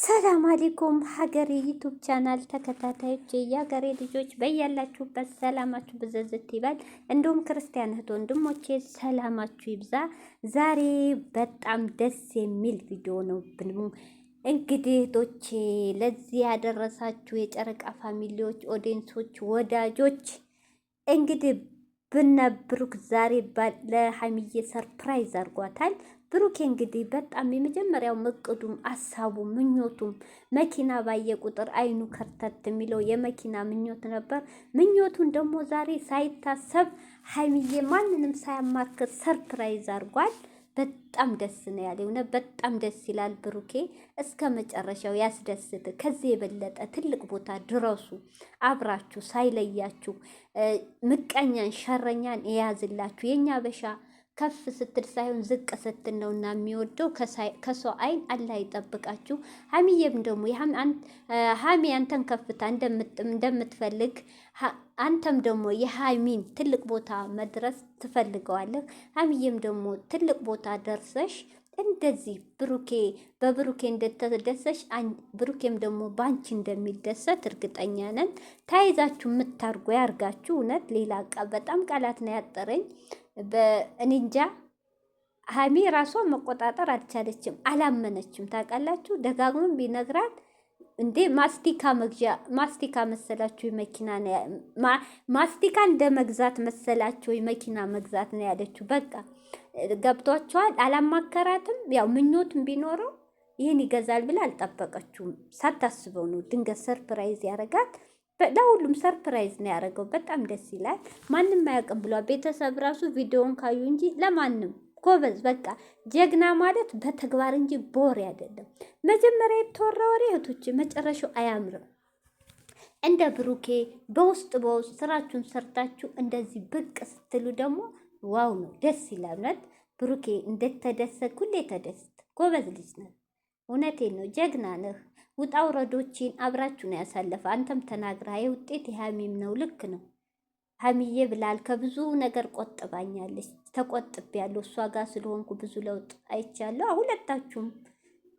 ሰላም አለይኩም ሀገሬ ዩቱብ ቻናል ተከታታዮች የሀገሬ ልጆች በያላችሁበት ሰላማችሁ ብዘዝት ይበል። እንዲሁም ክርስቲያን እህት ወንድሞቼ ሰላማችሁ ይብዛ። ዛሬ በጣም ደስ የሚል ቪዲዮ ነው። እንግዲህ እህቶቼ ለዚህ ያደረሳችሁ የጨረቃ ፋሚሊዎች፣ ኦዲየንሶች፣ ወዳጆች እንግዲህ ብሩክ ዛሬ ለሀይሚዬ ሰርፕራይዝ አድርጓታል። ብሩኬ እንግዲህ በጣም የመጀመሪያው እቅዱም አሳቡ ምኞቱም መኪና ባየ ቁጥር አይኑ ከርተት የሚለው የመኪና ምኞት ነበር። ምኞቱን ደግሞ ዛሬ ሳይታሰብ ሀይሚዬ ማንንም ሳያማክር ሰርፕራይዝ አድርጓል። በጣም ደስ ነው ያለ የሆነ በጣም ደስ ይላል። ብሩኬ እስከ መጨረሻው ያስደስት። ከዚህ የበለጠ ትልቅ ቦታ ድረሱ። አብራችሁ ሳይለያችሁ ምቀኛን ሸረኛን የያዝላችሁ የእኛ በሻ ከፍ ስትል ሳይሆን ዝቅ ስትል ነው እና የሚወደው ከሰው አይን አላህ ይጠብቃችሁ። ሀሚዬም ደግሞ ሀሚ አንተን ከፍታ እንደምትፈልግ አንተም ደግሞ የሀሚን ትልቅ ቦታ መድረስ ትፈልገዋለህ። ሀሚዬም ደግሞ ትልቅ ቦታ ደርሰሽ እንደዚህ ብሩኬ በብሩኬ እንደተደሰሽ ብሩኬም ደግሞ በአንቺ እንደሚደሰት እርግጠኛ ነን። ተያይዛችሁ የምታርጎ ያርጋችሁ። እውነት ሌላ በጣም ቃላት ነው ያጠረኝ። በእንጃ ሀሚ ራሷን መቆጣጠር አልቻለችም፣ አላመነችም። ታውቃላችሁ፣ ደጋግሞም ቢነግራት እንዴ ማስቲካ መግዣ ማስቲካ መሰላችሁ መኪና ማስቲካ እንደ መግዛት መሰላችሁ መኪና መግዛት ነው ያለችው። በቃ ገብቷቸዋል። አላማከራትም። ያው ምኞትም ቢኖረው ይህን ይገዛል ብላ አልጠበቀችውም። ሳታስበው ነው ድንገት ሰርፕራይዝ ያደረጋት። ለሁሉም ሰርፕራይዝ ነው ያደረገው። በጣም ደስ ይላል። ማንም አያውቅም ብሏል። ቤተሰብ ራሱ ቪዲዮውን ካዩ እንጂ ለማንም ጎበዝ። በቃ ጀግና ማለት በተግባር እንጂ በወሬ አይደለም። መጀመሪያ የተወራ ወሬ እህቶች መጨረሻው አያምርም። እንደ ብሩኬ በውስጥ በውስጥ ስራችሁን ሰርታችሁ እንደዚህ ብቅ ስትሉ ደግሞ ዋው ነው፣ ደስ ይላል። እውነት ብሩኬ እንደተደሰት ሁሌ ተደስት። ጎበዝ ልጅ ነህ። እውነቴ ነው፣ ጀግና ነህ። ውጣ ውረዶችን አብራችሁ ነው ያሳለፈ። አንተም ተናግራ የውጤት የሀሚም ነው። ልክ ነው ሀሚዬ ብላል። ከብዙ ነገር ቆጥባኛለች፣ ተቆጥብ ያለው እሷ ጋር ስለሆንኩ ብዙ ለውጥ አይቻለሁ። ሁለታችሁም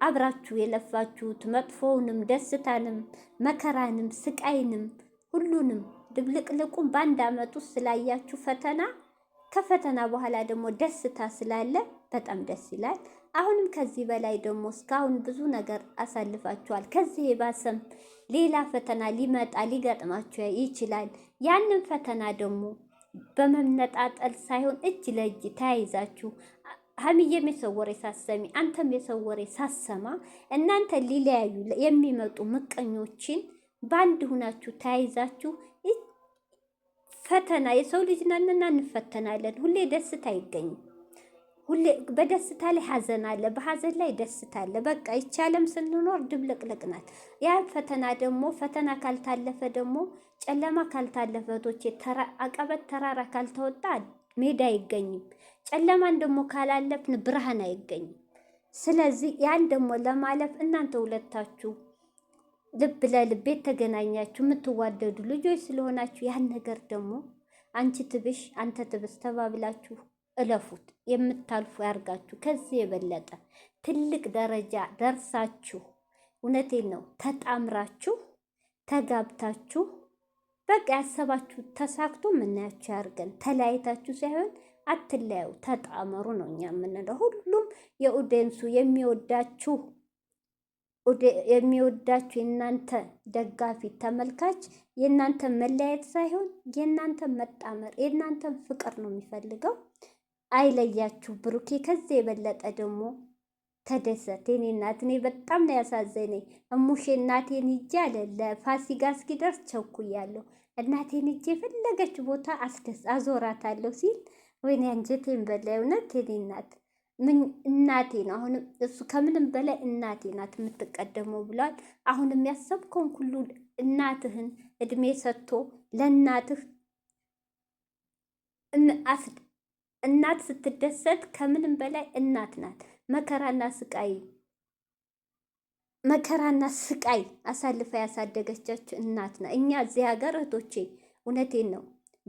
አብራችሁ የለፋችሁት መጥፎውንም፣ ደስታንም፣ መከራንም፣ ስቃይንም ሁሉንም ድብልቅልቁም በአንድ አመት ውስጥ ስላያችሁ ፈተና ከፈተና በኋላ ደግሞ ደስታ ስላለ በጣም ደስ ይላል። አሁንም ከዚህ በላይ ደግሞ እስካሁን ብዙ ነገር አሳልፋችኋል። ከዚህ የባሰም ሌላ ፈተና ሊመጣ ሊገጥማችሁ ይችላል። ያንን ፈተና ደግሞ በመነጣጠል ሳይሆን እጅ ለእጅ ተያይዛችሁ ሀሚዬም የሰው ወሬ ሳሰሚ አንተም የሰው ወሬ ሳሰማ እናንተ ሊለያዩ የሚመጡ ምቀኞችን በአንድ ሁናችሁ ተያይዛችሁ ፈተና የሰው ልጅ ነንና እንፈተናለን። ሁሌ ደስታ አይገኝም። ሁሌ በደስታ ላይ ሐዘን አለ፣ በሐዘን ላይ ደስታ አለ። በቃ ይቻለም ስንኖር ድብልቅልቅ ናት። ያ ፈተና ደግሞ ፈተና ካልታለፈ ደግሞ ጨለማ ካልታለፈ ቶቼ አቀበት ተራራ ካልተወጣ ሜዳ አይገኝም። ጨለማን ደግሞ ካላለፍን ብርሃን አይገኝም። ስለዚህ ያን ደግሞ ለማለፍ እናንተ ሁለታችሁ ልብ ለልብ የተገናኛችሁ የምትዋደዱ ልጆች ስለሆናችሁ ያን ነገር ደግሞ አንቺ ትብሽ አንተ ትብስ ተባብላችሁ እለፉት። የምታልፉ ያርጋችሁ። ከዚህ የበለጠ ትልቅ ደረጃ ደርሳችሁ እውነቴን ነው ተጣምራችሁ ተጋብታችሁ በቃ ያሰባችሁ ተሳክቶ የምናያችሁ ያርገን። ተለያይታችሁ ሳይሆን አትለያዩ፣ ተጣመሩ ነው እኛ የምንለው። ሁሉም የኡዴንሱ የሚወዳችሁ የሚወዳችሁ የእናንተ ደጋፊ ተመልካች የእናንተ መለያየት ሳይሆን የእናንተ መጣመር የእናንተን ፍቅር ነው የሚፈልገው። አይለያችሁ። ብሩኬ ከዚህ የበለጠ ደግሞ ተደሰት የኔ እናት። እኔ በጣም ነው ያሳዘነኝ። እሙሼ እናቴን ይዤ አለ ለፋሲካ እስኪደርስ ቸኩያለሁ። እናቴን ይዤ የፈለገች ቦታ አስደስ አዞራታለሁ ሲል ወይኔ አንጀቴን በላይ። እውነት የኔ እናት እናቴ ነው አሁንም እሱ ከምንም በላይ እናቴ ናት የምትቀደመው ብሏል። አሁንም ያሰብከውን ሁሉ እናትህን እድሜ ሰጥቶ ለእናትህ እናት ስትደሰት ከምንም በላይ እናት ናት። መከራና ስቃይ መከራና ስቃይ አሳልፋ ያሳደገቻችሁ እናት ናት። እኛ እዚህ ሀገር እህቶቼ እውነቴን ነው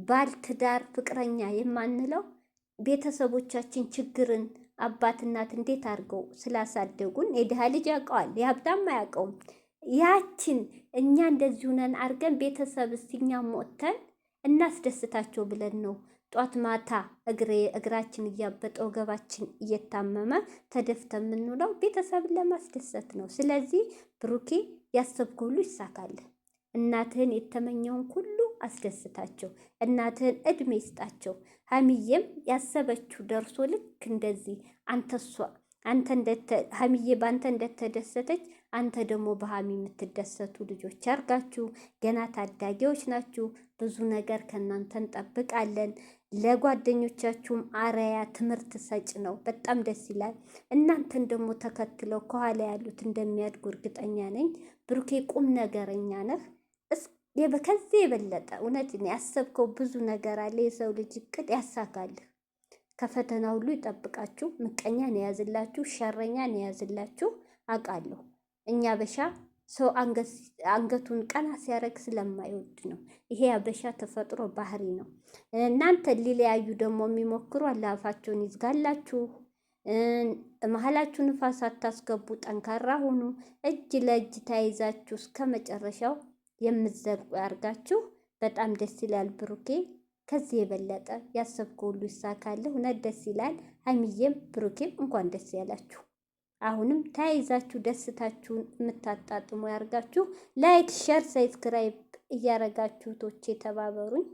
ባል፣ ትዳር፣ ፍቅረኛ የማንለው ቤተሰቦቻችን ችግርን አባት እናት እንዴት አድርገው ስላሳደጉን የድሃ ልጅ ያውቀዋል፣ የሀብታም አያውቀውም። ያችን እኛ እንደዚህ ሁነን አድርገን ቤተሰብ እስቲኛ ሞተን እናስደስታቸው ብለን ነው ጧት ማታ እግራችን እያበጠ ወገባችን እየታመመ ተደፍተ የምንውለው ቤተሰብን ለማስደሰት ነው። ስለዚህ ብሩኬ ያሰብከው ሁሉ እናትህን የተመኘውን ሁሉ አስደስታቸው። እናትህን እድሜ ይስጣቸው። ሀሚዬም ያሰበችው ደርሶ ልክ እንደዚህ አንተ እሷ አንተ ሀሚዬ በአንተ እንደተደሰተች አንተ ደግሞ በሀሚ የምትደሰቱ ልጆች አርጋችሁ ገና ታዳጊዎች ናችሁ። ብዙ ነገር ከእናንተ እንጠብቃለን። ለጓደኞቻችሁም አረያ ትምህርት ሰጭ ነው። በጣም ደስ ይላል። እናንተን ደግሞ ተከትለው ከኋላ ያሉት እንደሚያድጉ እርግጠኛ ነኝ። ብሩኬ ቁም ነገረኛ ነህ። ከዚህ የበለጠ እውነት ያሰብከው ብዙ ነገር አለ። የሰው ልጅ እቅድ ያሳካልህ። ከፈተና ሁሉ ይጠብቃችሁ። ምቀኛን የያዝላችሁ፣ ሸረኛን የያዝላችሁ አውቃለሁ። እኛ አበሻ ሰው አንገቱን ቀና ሲያደርግ ስለማይወድ ነው። ይሄ አበሻ ተፈጥሮ ባህሪ ነው። እናንተ ሊለያዩ ደግሞ የሚሞክሩ አላፋቸውን ይዝጋላችሁ። መሀላችሁ ንፋስ አታስገቡ። ጠንካራ ሁኑ። እጅ ለእጅ ተያይዛችሁ እስከ መጨረሻው የምትዘጉ ያርጋችሁ። በጣም ደስ ይላል ብሩኬ። ከዚህ የበለጠ ያሰብከ ሁሉ ይሳካልህ። እውነት ደስ ይላል። ሀይሚዬም ብሩኬም እንኳን ደስ ያላችሁ። አሁንም ተያይዛችሁ ደስታችሁን የምታጣጥሙ ያርጋችሁ። ላይክ፣ ሸር፣ ሰብስክራይብ እያረጋችሁ ቶቼ ተባበሩኝ።